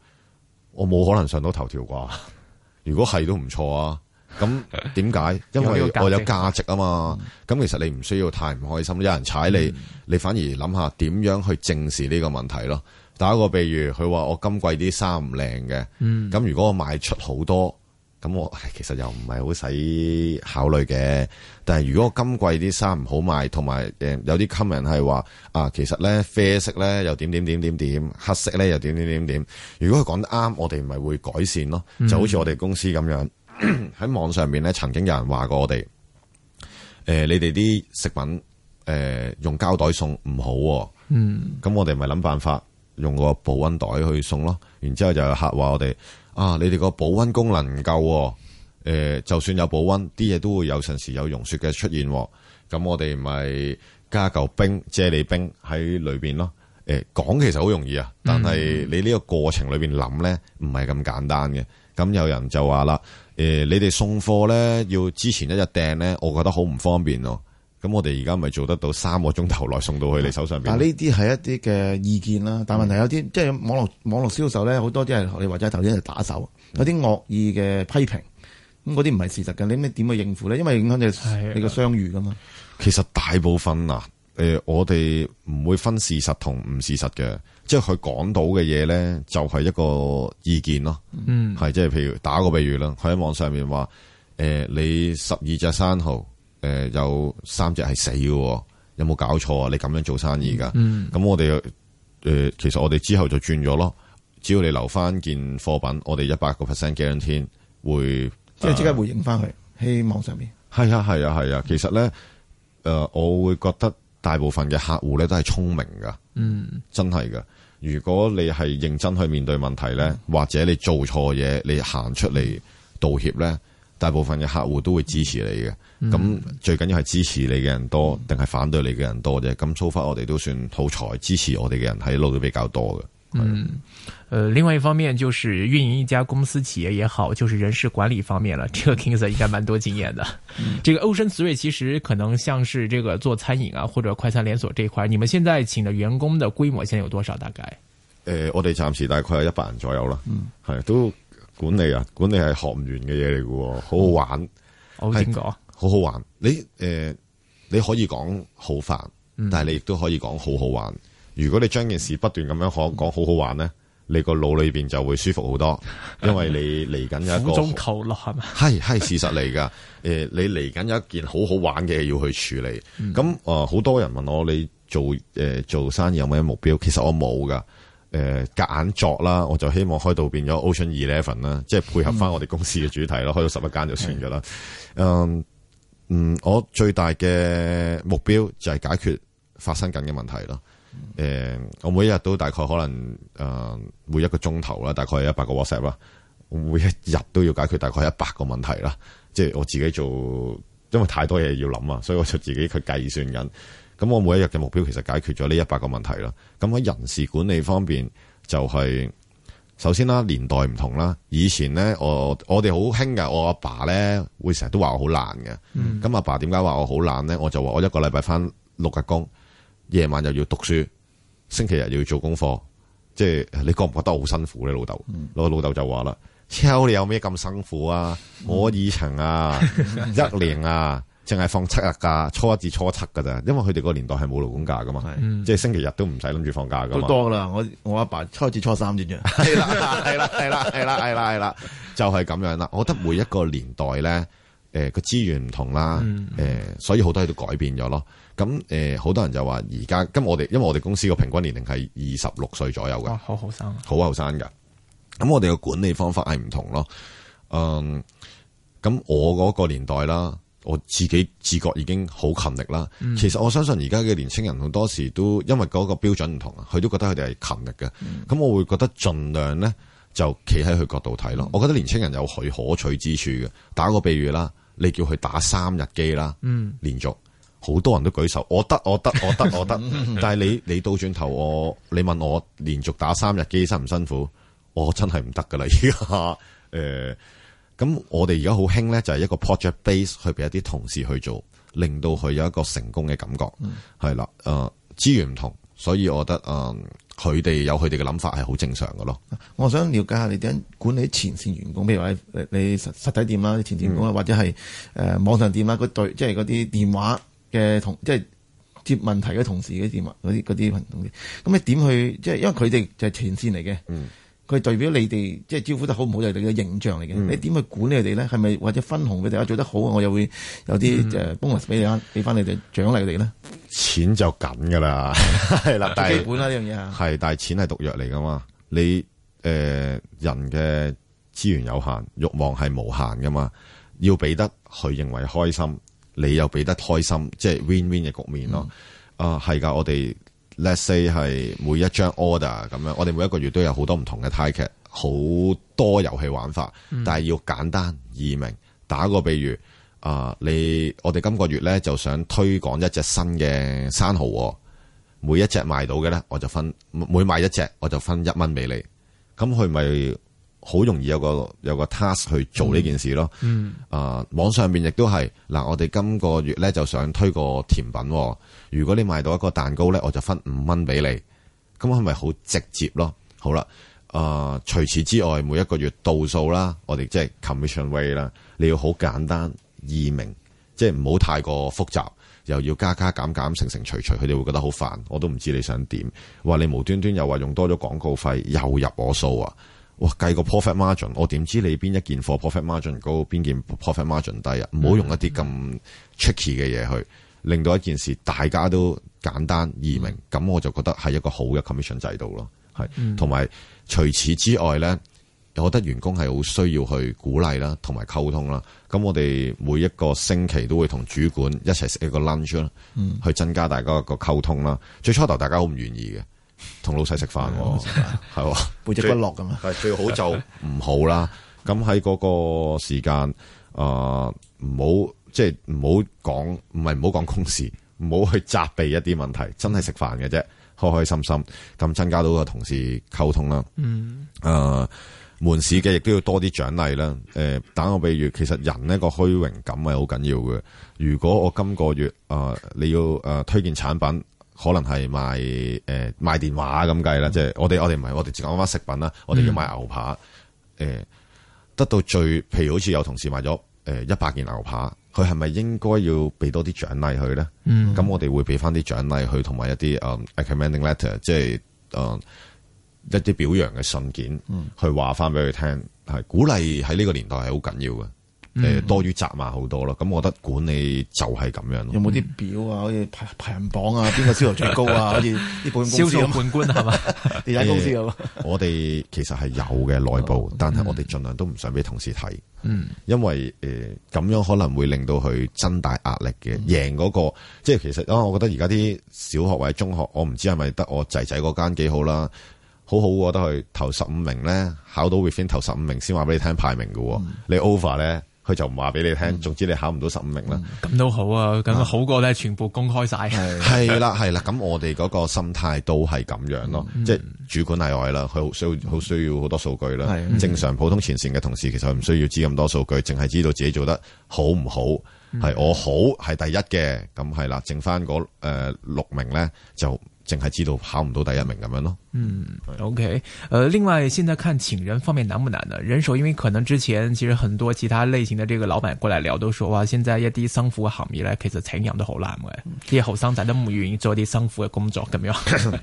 S3: 我冇可能上到頭條啩？ 如果係都唔錯啊。咁點解？因為我有價值啊嘛。咁其實你唔需要太唔開心，有、嗯、人踩你，你反而諗下點樣去正視呢個問題咯。打一個比喻，佢話我今季啲衫唔靚嘅，咁、嗯、如果我賣出好多，咁我其實又唔係好使考慮嘅。但係如果我今季啲衫唔好賣，同埋誒有啲 comment 係話啊，其實咧啡色咧又點點點點點，黑色咧又點點點點。如果佢講得啱，我哋咪會改善咯，就好似我哋公司咁樣喺、嗯、 網上面咧，曾經有人話過我哋誒、呃，你哋啲食品誒、呃、用膠袋送唔好、哦，嗯，咁我哋咪諗辦法。用個保溫袋去送咯，然之後就有客話我哋啊，你哋個保溫功能唔夠、哦，誒、呃，就算有保溫，啲嘢都會有陣時有溶雪嘅出現、哦。咁我哋咪加嚿冰，啫喱冰喺裏邊咯。誒、呃，講其實好容易啊，但係你呢個過程裏邊諗咧，唔係咁簡單嘅。咁有人就話啦，誒、呃，你哋送貨咧要之前一日訂咧，我覺得好唔方便咯、啊。咁我哋而家咪做得到三個鐘頭內送到去你手上邊。嗱，呢
S2: 啲係一啲嘅意見啦，但係問題有啲、嗯、即係網絡網絡銷售咧，好多啲係你或者頭先係打手，有啲惡意嘅批評，咁嗰啲唔係事實嘅，你咩點去應付咧？因為影響就係你個商譽噶嘛。嗯、其實大部分啊，
S3: 誒、呃、我哋唔會分事實同唔事實嘅，即係佢講到嘅嘢咧就係、是、一個意見咯。嗯，係即係譬如打個比喻啦，佢喺網上面話誒你十二隻生蠔。誒、呃，有三隻係死嘅。哦，有冇搞錯啊？你咁樣做生意噶？咁，嗯、我哋誒、呃，其實我哋之後就轉咗咯。只要你留翻件貨品，我哋一百個 percent guarantee 會，即係即刻回
S2: 應翻去喺網、呃、上面。
S3: 係啊，係啊，係啊，啊，啊。其實咧，誒、呃，我會覺得大部分嘅客戶咧都係聰明噶，嗯，真係噶。如果你係認真去面對問題咧，或者你做錯嘢，你行出嚟道歉咧，大部分嘅客戶都會支持你嘅，咁、嗯、最緊要係支持你嘅人多，定係反對你嘅人多啫。咁 so far 我哋都算好彩，支持我哋嘅人睇落都比較多嘅。嗯，誒、
S1: 呃，另外一方面就是運營一家公司企業也好，就是人事管理方面啦。這個 King Sir 應該蠻多經驗的。 嗯、這個 Ocean Three 其實可能像是這個做餐飲啊或者快餐連鎖這一塊，你們現在請的員工的規模現在有多少？大概？
S3: 誒、呃，我哋暫時大概有一百人左右啦。係、嗯、都。管理啊，管理係學唔完嘅嘢嚟嘅，好好玩。我聽過，好是國好玩。你誒、呃，你可以講好煩，嗯、但係你亦都可以講好好玩。如果你將件事不斷咁樣可講好好玩咧，嗯、你個腦裏邊就會舒服好多，因為你嚟緊有一個苦樂係嘛，係係、嗯、事實嚟噶。誒、 呃，你嚟緊有一件好好玩嘅嘢要去處理。咁誒、嗯、好、呃、多人問我你做誒、呃、做生意有咩目標？其實我冇噶。誒，夾硬作啦，我就希望開到變咗 Ocean Eleven 啦，即係配合翻我哋公司嘅主題咯， 開到十一間就算噶啦。嗯， um, 嗯，我最大嘅目標就係解決發生緊嘅問題咯。誒、 嗯，我每一日都大概可能誒、呃、每一個鐘頭啦，大概係一百個 WhatsApp 啦，每一日都要解決大概一百個問題啦。即、就、係、是、我自己做，因為太多嘢要諗啊，所以我就自己去計算緊。咁我每一日嘅目標其實解決咗呢一百個問題啦。咁喺人事管理方面，就係，就係首先啦，年代唔同啦。以前咧我我哋好興嘅，我阿爸咧會成日都話我好懶嘅。咁阿、嗯、爸點解話我好懶咧？我就話我一個禮拜翻六日工，夜晚又要讀書，星期日又要做功課。即係你覺唔覺得我好辛苦咧？爸爸嗯、老豆，我老豆就話啦，超，你有咩咁辛苦啊？我以前啊，嗯、一年啊。淨係放七日假，初一至初七噶咋，因為佢哋個年代係冇勞工假噶嘛，是即係星期日都唔使諗住放假噶嘛。好多噶啦，
S2: 我我阿爸，爸初一至初三先
S3: 啫。係 啦， 係啦，係啦，係啦，係啦，就係、是、咁樣啦。我覺得每一個年代咧，誒個資源唔同啦，誒、呃、所以好多嘢都改變咗咯。咁、呃、誒，好多人就話而家，咁我哋因為我哋公司個平均年齡係二十六歲左右嘅，好後生、啊，好後生噶。咁我哋嘅管理方法係唔同咯。嗯、呃，咁我嗰個年代啦。我自己自覺已經好勤力啦，嗯、其實我相信而家嘅年青人好多時都因為嗰個標準唔同啊，佢都覺得佢哋係勤力嘅。咁、嗯、我會覺得盡量咧就企喺佢角度睇咯。嗯、我覺得年青人有佢可取之處嘅。打個比喻啦，你叫佢打三日機啦，連續好多人都舉手，我得我得我得我得。但係你你倒轉頭我，你問我連續打三日機辛唔辛苦，我真係唔得噶啦！而家誒。呃咁我哋而家好興咧，就係一個 project base 去俾一啲同事去做，令到佢有一個成功嘅感覺，係啦、嗯。誒、呃、資源唔同，所以我覺得誒佢哋有佢哋嘅諗法係好正常嘅咯。
S2: 我想了解下你點樣管理啲前線員工，譬如話你實實體店啦、前線員工啊，嗯、或者係誒、呃、網上店啦，嗰即係嗰啲電話嘅同即係接問題嘅同事嗰啲電話嗰啲嗰啲同，咁你點去即係因為佢哋就係前線嚟嘅。嗯佢代表你哋，即係招呼得好唔好，就係、是、你嘅形象嚟嘅。嗯、你點去管你哋咧？係咪或者分紅俾你啊？做得好，我又會有啲誒 bonus 俾翻俾翻你哋、嗯、獎勵你哋咧？錢就緊㗎啦，係 啦，但係基本啦呢樣嘢係， 但係錢係毒藥嚟噶嘛？你
S3: 誒、呃、人嘅資源有限，欲望係無限噶嘛？要俾得佢認為開心，你又俾得開心，即、就、係、是、win win 嘅局面咯。嗯、啊，係噶，我哋。Let's say 係每一張 order 咁樣，我哋每一個月都有好多唔同嘅 ticket，好多遊戲玩法，但係要簡單易明。打個比喻，啊，你我哋今個月咧就想推廣一隻新嘅生蚝，每一隻賣到嘅咧，我就分每賣一隻我就分一蚊俾你，咁佢咪？好容易有個有個 task 去做呢件事咯。
S2: 嗯，
S3: 啊、嗯呃、網上邊亦都係嗱，我哋今個月咧就想推個甜品，如果你賣到一個蛋糕咧，我就分五蚊俾你，咁係咪好直接咯？好啦，啊、呃、除此之外，每一個月度數啦，我哋即係 commission way 啦，你要好簡單易明，即係唔好太過複雜，又要加加減減、乘乘除除，佢哋會覺得好煩，我都唔知你想點，話你無端端又話用多咗廣告費，又入我數啊！哇！計個 profit margin，我點知你邊一件貨 profit margin 高，邊件 profit margin 低啊？唔好、嗯、用一啲咁 tricky 嘅嘢去令到一件事大家都簡單易明，咁、嗯、我就覺得係一個好嘅 commission 制度咯。係，同埋除此之外咧，我覺得員工係好需要去鼓勵啦，同埋溝通啦。咁我哋每一個星期都會同主管一齊食一個 lunch 啦，去增加大家一個溝通啦。嗯、最初頭大家好唔願意嘅。同老細食飯係嘛？ 背脊骨落咁
S2: 啊，係最好就
S3: 唔好啦。咁喺嗰個時間，誒、呃，唔好即係唔好講，唔係唔好講公事，唔好去責備一啲問題，真係食飯嘅啫，開開心心，咁增加到個同事溝通啦。嗯，誒、呃，門市嘅亦都要多啲獎勵啦。誒、呃，打個比喻，其實人呢個虛榮感係好緊要嘅。如果我今個月，誒、呃，你要誒、呃、推薦產品。可能係賣誒、呃、賣電話咁計啦，嗯、即係我哋我哋唔係，我哋講翻食品啦，我哋要賣牛扒誒、呃，得到最譬如好似有同事賣咗誒一百件牛扒，佢係咪應該要俾多啲獎勵佢咧？嗯，咁我哋會俾翻啲獎勵佢，同埋一啲 recommending letter，即係誒、uh, 一啲表揚嘅信件，去話翻俾佢聽，係、嗯、鼓勵喺呢個年代係好緊要嘅。誒，多於責罵好多咯，咁我覺得管理就係咁樣咯。有冇啲
S2: 表啊，好似排排行榜啊，邊個銷售最高啊？好似啲保險公司咁判官係嘛？地產公司咁。
S3: 我哋其實係有嘅內部，但係我哋盡量都唔想俾同事睇。嗯，因為誒咁樣可能會令到佢增大壓力嘅。贏嗰個，即係其實啊，我覺得而家啲小學或者中學，我唔知係咪得我仔仔嗰間幾好啦，好好得佢頭十五名咧，考到 within 頭十五名先話俾你聽排名嘅。你 over 咧？佢就唔話俾你聽，總之你考唔到十五名啦。
S1: 咁都、嗯、好啊，咁好過咧，全部公開晒。係
S3: 啦、啊，係啦， 咁我哋嗰個心態都係咁樣咯，嗯、即係主管例外啦，佢好需要好需要好多數據啦。嗯、正常普通前線嘅同事其實唔需要知咁多數據，淨係知道自己做得好唔好，係我好係第一嘅，咁係啦，剩翻嗰六名咧就。淨係知道考唔到第一名咁樣咯。嗯
S1: ，OK、呃。誒，另外，現在看請人方面難唔難呢？人手因為可能之前其實很多其他類型嘅這個老闆過嚟聊，都說話現在一啲辛苦嘅行業咧，其實請人都好難嘅，啲後生仔都唔願意做啲辛苦嘅工作咁、嗯、樣。誒、嗯，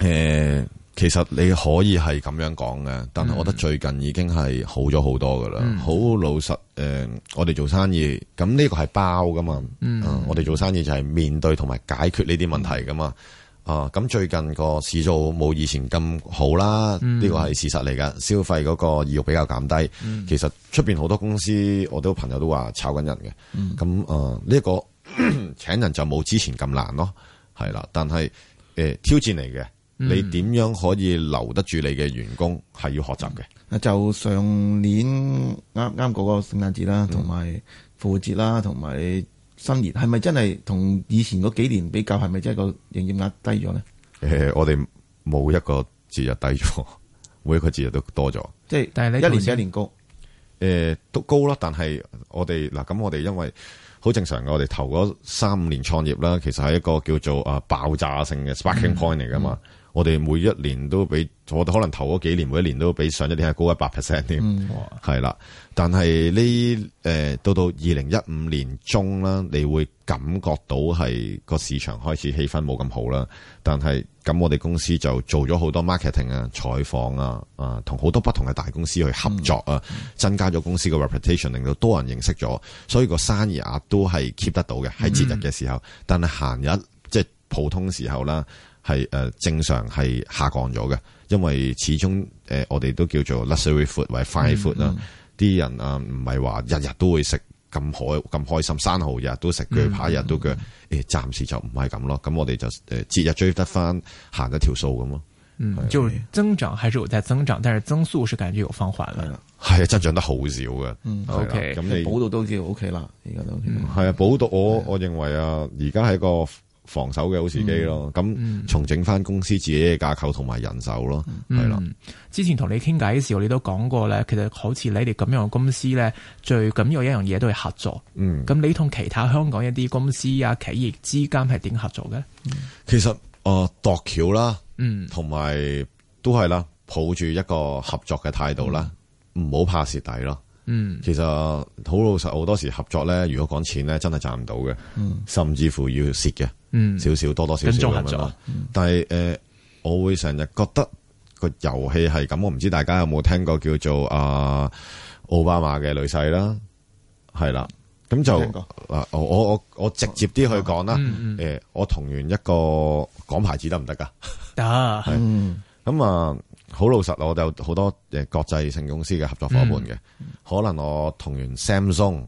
S1: 嗯、
S3: 其實你可以係咁樣講嘅，但係我覺得最近已經係好咗好多噶啦。好老實，誒、呃，我哋做生意咁呢個係包噶嘛。嗯嗯、我哋做生意就係面對同埋解決呢啲問題噶嘛。啊，咁最近個市造冇以前咁好啦，呢個係事實嚟㗎，消費嗰個意欲比較減低。嗯、其實出邊好多公司，我都有朋友都話炒緊人嘅。咁、嗯、啊、呢、這個 請人就冇之前咁難咯，係啦。但係誒、呃、挑戰嚟嘅，嗯、你點樣可以留得住你嘅員工係要學習嘅。
S2: 啊，就上年啱啱嗰個聖誕節啦，同埋復活節啦，同埋。新年係咪真係同以前嗰幾年比較，係咪真係個營業額低咗咧？
S3: 誒、呃，我哋冇一個節日低咗，每一個節日都多咗，
S2: 即係是一年比一年高。誒、呃，都高啦。但係我
S3: 哋嗱咁，我哋因為好正常嘅，我哋頭嗰三五年創業啦，其實係一個叫做啊爆炸性嘅 sparking point 嚟噶嘛。嗯嗯我哋每一年都比，我哋可能頭嗰幾年，每一年都比上一年係高一百 percent 添，係啦、嗯。但係呢，誒、呃，到到二零一五年中啦，你會感覺到係個市場開始氣氛冇咁好啦。但係咁，我哋公司就做咗好多 marketing 啊、採訪啊，啊、呃，同好多不同嘅大公司去合作啊，嗯、增加咗公司嘅 reputation，令到多人認識咗，所以個生意額都係 keep 得到嘅，喺節日嘅時候，嗯、但係閒日即係普通時候啦。係誒，正常係下降咗嘅，因為始終誒，我哋都叫做 luxury food 或者快 food 啦。啲人啊，唔係話日日都會食咁開咁開心，生蠔日日都食，鋸扒日日都鋸。誒、嗯，暫、欸、時就唔係咁咯。咁我哋就誒，節日追得翻，行咗條數咁咯。嗯、
S1: 啊，就增長還是有、啊、在增長，但係增速是感覺有放緩啦。
S3: 係啊，增長得好少嘅。OK 咁你補到都
S2: 叫 OK 啦，而家
S3: 都係啊，補到我我認為啊，而家係個。防守嘅好時機咯，咁重整翻公司自己嘅架構同埋人手咯，係
S2: 啦。之
S1: 前同你傾偈嘅時候，你都講過咧，其實好似你哋咁樣嘅公司咧，最緊要一樣嘢都係合作。嗯，咁你同其他香港一啲公司啊企業之間係點合作嘅？
S3: 其實誒，度橋啦，嗯，同埋都係啦，抱住一個合作嘅態度啦，唔好怕蝕底咯。嗯，其實好老實，好多時合作咧，如果講錢咧，真係賺唔到嘅，甚至乎要蝕嘅。嗯，少少多多少少，但係誒，我會成日覺得個遊戲係咁，我唔知大家有冇聽過叫做阿奧巴馬嘅女婿啦，係啦，咁就嗱，我我我直接啲去講啦，誒，我同完一個講牌子得唔得噶？得，咁啊，好老實，我哋有好多誒國際性公司嘅合作伙伴嘅，可能我同完 Samsung，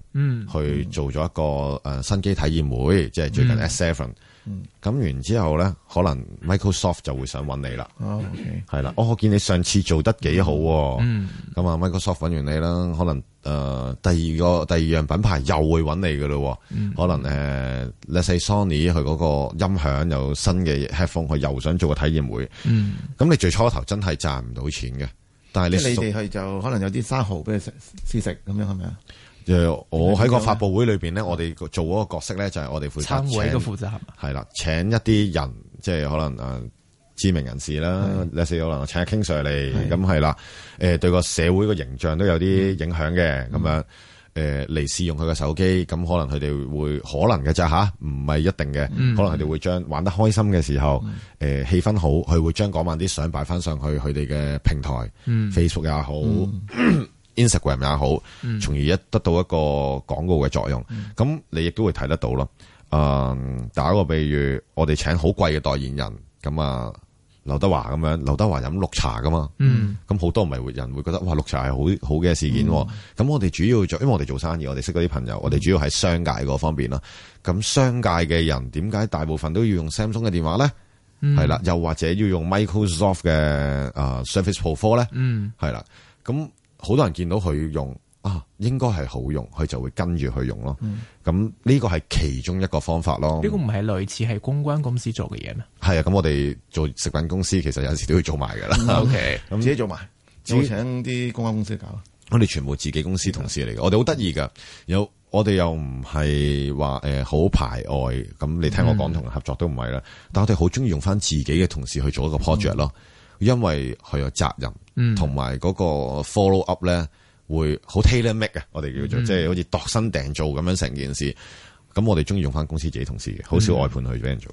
S3: 去做咗一個誒新機體驗會，即係最近 S Seven。咁、嗯、完之後咧，可能 Microsoft 就會想揾你啦。係啦、哦 okay. 哦，我見你上次做得幾好、哦。咁啊、嗯嗯、Microsoft 揾完你啦，可能誒、呃、第二個第二樣品牌又會揾你噶咯、哦。嗯、可能誒，Let's、呃、say Sony 佢嗰個音響有新嘅 headphone，佢又想做個體驗會。咁、嗯嗯、你最初頭真係賺唔到錢嘅，但係你、嗯、你哋去
S2: 就可能有啲生蠔俾你食試食咁樣係咪啊？
S3: 誒，我喺個發佈會裏邊咧，我哋做嗰個角色咧，就係我哋負責，請係啦，請一啲人，即係可能誒、啊、知名人士啦，你事的可能請阿 King Sir 嚟，咁係的啦，誒、呃、對個社會個形象，都有啲影響嘅，咁、嗯、樣誒嚟試用佢個手機，咁可能佢哋會可能嘅咋吓，唔、啊、係一定嘅，嗯、可能佢哋會將玩得開心嘅時候，誒氣、嗯呃、氛好，佢會將講慢啲相擺翻上去佢哋嘅平台，嗯、Facebook 又好。Instagram 也好，嗯、從而一得到一個廣告嘅作用，咁、嗯、你亦都會睇得到咯。誒、嗯，打一個比喻，我哋請好貴嘅代言人，咁、嗯、啊，劉德華咁樣，劉德華飲綠茶噶嘛，咁好、嗯、多唔係人會覺得哇，綠茶係好好嘅事件。咁、嗯、我哋主要做，因為我哋做生意，我哋識嗰啲朋友，我哋主要喺商界嗰方面啦。咁商界嘅人點解大部分都要用 Samsung 嘅電話咧？
S2: 係啦、嗯，
S3: 又或者要用 Microsoft 嘅誒 Surface Pro 4咧、嗯？嗯，係、嗯、啦，咁、嗯。嗯好多人見到佢用啊，應該係好用，佢就會跟住去用咯。咁呢、嗯、個係其中一個方法咯。呢個
S1: 唔係類似係公關公司做
S3: 嘅嘢咩？係啊，咁我哋做食品公司其實有時都要做埋噶啦。OK，
S2: 自己做埋，自己有冇請啲公關公司搞？
S3: 我哋全部自己公司同事嚟嘅，我哋好得意噶。有我哋又唔係話誒好排外，咁你聽我講同人、嗯、合作都唔係啦。但我哋好中意用翻自己嘅同事去做一個 project 咯。嗯因為佢有責任，同埋、嗯、個 follow up 咧會好 tailor make 嘅，我哋叫做、嗯、即係好似度身訂做咁樣成件事。咁我哋中意用翻公司自己同事嘅，好少外判去俾人做。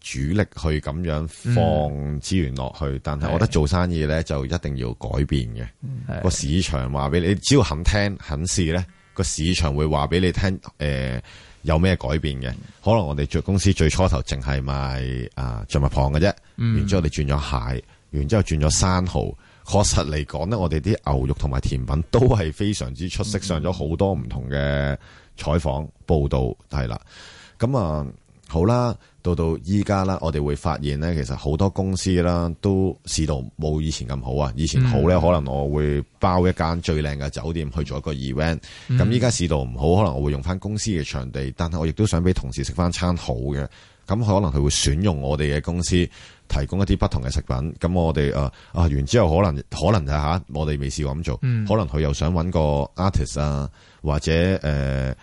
S3: 主力去咁樣放資源落去，嗯、但係我覺得做生意呢是的 就一定要改變嘅。個是的 市場話俾你，只要肯聽肯試呢個市場會話俾你聽。誒、呃，有咩改變嘅？可能我哋着公司最初頭淨係賣啊，象拔蚌嘅啫。然、嗯、之後，我轉之後轉，我哋轉咗蟹，然之後轉咗生蠔。確實嚟講呢，我哋啲牛肉同埋甜品都係非常之出色，嗯、上咗好多唔同嘅採訪報道係啦。咁啊、嗯嗯，好啦。到到依家啦，我哋會發現咧，其實好多公司啦，都市道冇以前咁好啊。以前好咧，可能我會包一間最靚嘅酒店去做一個 event。咁依家市道唔好，可能我會用翻公司嘅場地，但係我亦都想俾同事食翻餐好嘅。咁可能佢會選用我哋嘅公司提供一啲不同嘅食品。咁我哋啊，啊完之後可能可能啊吓，我哋未試過咁做。可能佢又想揾個 artist 啊，或者誒、呃。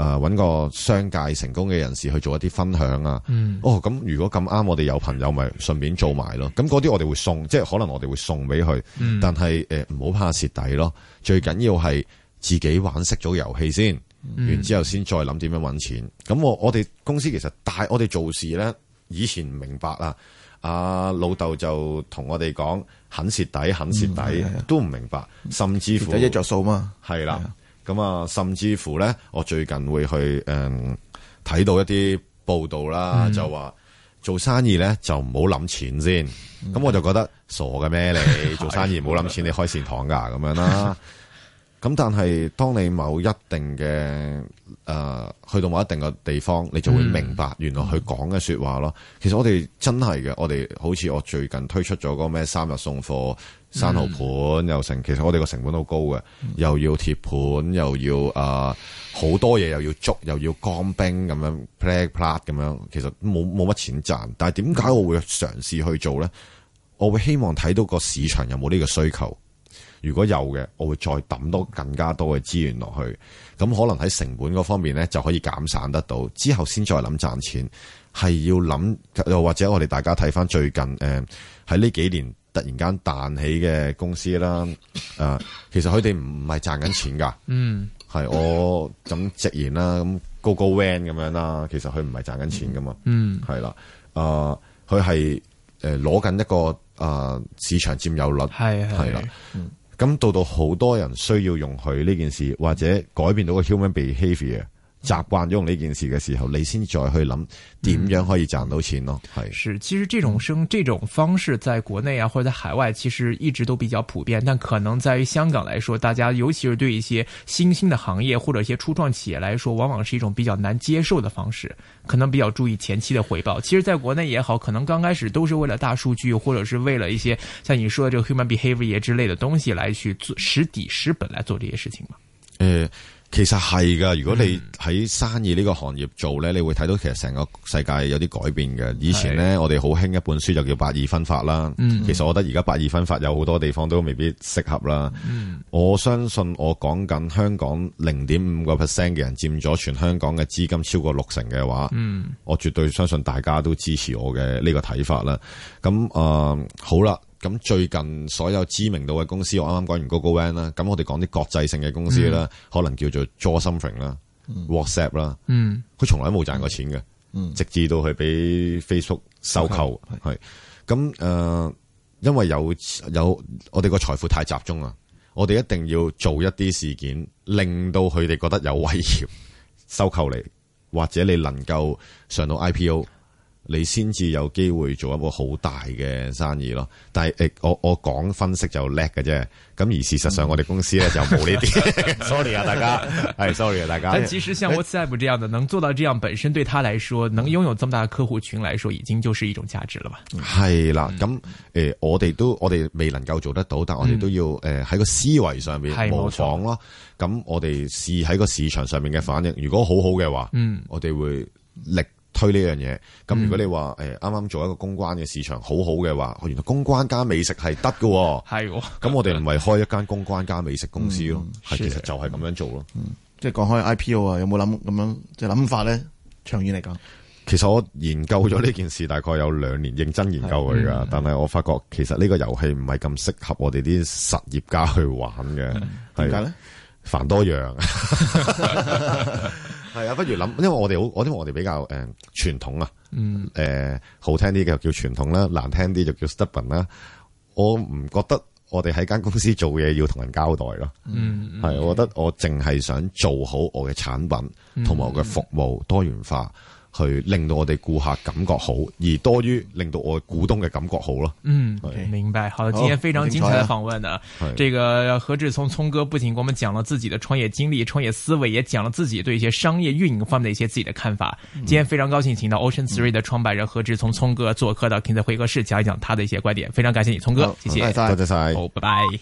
S3: 啊！揾個商界成功嘅人士去做一啲分享啊！嗯、哦，咁如果咁啱，我哋有朋友咪順便做埋咯。咁嗰啲我哋會送，即係可能我哋會送俾佢。嗯、但係誒，呃、唔好怕蝕底咯。最緊要係自己玩識咗遊戲先，然、嗯、之後先再諗點樣揾錢。咁我我哋公司其實大，我哋做事咧以前唔明白啊！阿老豆就同我哋講，肯蝕底，肯蝕底，嗯、都唔明白，嗯、甚至乎一着數嘛，係啦。咁啊，甚至乎咧，我最近會去誒睇，嗯、到一啲報道啦，嗯、就話做生意咧就唔好諗錢先。咁、嗯、我就覺得傻嘅咩？你做生意唔好諗錢，你開善堂噶咁樣啦。咁 但係當你某一定嘅誒、呃、去到某一定嘅地方，你就會明白原來佢講嘅說話咯。嗯、其實我哋真係嘅，我哋好似我最近推出咗嗰咩三日送貨。生蠔盤又成，其實我哋個成本都好高嘅，嗯，又要鐵盤，又要啊好多嘢，又要捉，又要乾冰咁樣 plan plat 咁樣，其實冇冇乜錢賺。但係點解我會嘗試去做呢？我會希望睇到個市場有冇呢個需求。如果有嘅，我會再抌多更加多嘅資源落去。咁可能喺成本嗰方面呢，就可以減散得到。之後先再諗賺錢，係要諗，又或者我哋大家睇翻最近誒喺呢幾年。突然間彈起嘅公司啦，誒、呃，其實佢哋唔係賺緊錢噶，係、嗯、我咁直言啦，咁 GoGoVan 咁樣啦，其實佢唔係賺緊錢噶嘛，係啦、嗯，誒，佢係誒攞緊一個誒、呃、市場占有率，係係啦，咁到到好多人需要用佢呢件事，或者改變到個 human behavior 習慣用呢件事嘅時候，你先再去諗點樣可以賺到錢咯。係。是，
S1: 其實這種生這種方式在國內啊，或者在海外，其實一直都比較普遍。但可能在於香港來說，大家尤其是對一些新興的行業或者一些初創企業來說，往往是一種比較難接受的方式。可能比較注意前期的回報。其實，在國內也好，可能剛開始都是為了大數據，或者是為了一些像你說的這個 human behavior 之類的東西，來去做蝕底蝕本，來做這些事情嘛。
S3: 誒、呃。其實係噶，如果你喺生意呢個行業做呢，嗯、你會睇到其實成個世界有啲改變嘅。以前呢，是的 我哋好興一本書就叫八二分法啦。嗯、其實我覺得而家八二分法有好多地方都未必適合啦。嗯、我相信我講緊香港零點五個 percent 嘅人佔咗全香港嘅資金超過六成嘅話，嗯、我絕對相信大家都支持我嘅呢個睇法啦。咁啊、呃，好啦。咁最近所有知名度嘅公司，我啱啱講完 Google One 啦，咁我哋講啲國際性嘅公司啦，嗯、可能叫做 Draw Something 啦、WhatsApp 啦，佢從來都冇賺過錢嘅，嗯、直至到佢俾 Facebook 收購，係咁誒，因為有有我哋個財富太集中啊，我哋一定要做一啲事件，令到佢哋覺得有威脅，收購你或者你能夠上到 IPO。你先至有機會做一個好大嘅生意咯，但係誒、欸，我我講分析就叻嘅啫。咁而事實上，我哋公司咧就冇呢啲。Sorry 啊，大家，係 sorry 啊，大家。但其實像
S1: WhatsApp 這樣的， 能做到這樣，本身對他來說，能擁有這麼大嘅客戶群來說，已經就是一種價值啦嘛。
S3: 係啦，咁誒，我哋都我哋未能夠做得到，但我哋都要誒喺個思維上面模仿咯。咁、嗯錯嗯、我哋試喺個市場上面嘅反應，如果好好嘅話，嗯，我哋會力推呢樣嘢，咁如果你話誒啱啱做一個公關嘅市場好好嘅話，原來公關加美食係得㗎，係咁、 嗯、我哋唔係開一間公關加美食公司咯，係、嗯、其實就係咁樣做咯、
S2: 嗯。即係講開 IPO 啊，有冇諗咁樣即係諗法咧？嗯、長遠嚟講，
S3: 其實我研究咗呢件事大概有兩年，認真研究佢噶，嗯、但係我發覺其實呢個遊戲唔係咁適合我哋啲實業家去玩嘅，係點解咧？煩多樣。 係啊，不如諗，因為我哋好，我因為我哋比較誒傳統啊，誒好聽啲嘅就叫傳統啦，難聽啲就叫 stubborn 啦。我唔覺得我哋喺間公司做嘢要同人交代咯，係我覺得我淨係、呃呃嗯嗯、想做好我嘅產品同埋我嘅服務多元化。去令到我哋顧客感覺好，而多於令到我哋股東嘅感覺好咯。
S1: 嗯，是明白。好，今天非常精彩的訪問啊！係，這個何智聰聰哥不僅給我們講了自己的創業經歷、創業思維，也講了自己對一些商業運營方面的一些自己的看法。嗯、今天非常高興請到 Ocean Three 的創辦人、嗯、何智聰聰哥做客到 Kingsir 會客室，講一講他的一些觀點。非常感謝你，聰哥，好謝謝，多
S3: 拜拜。謝謝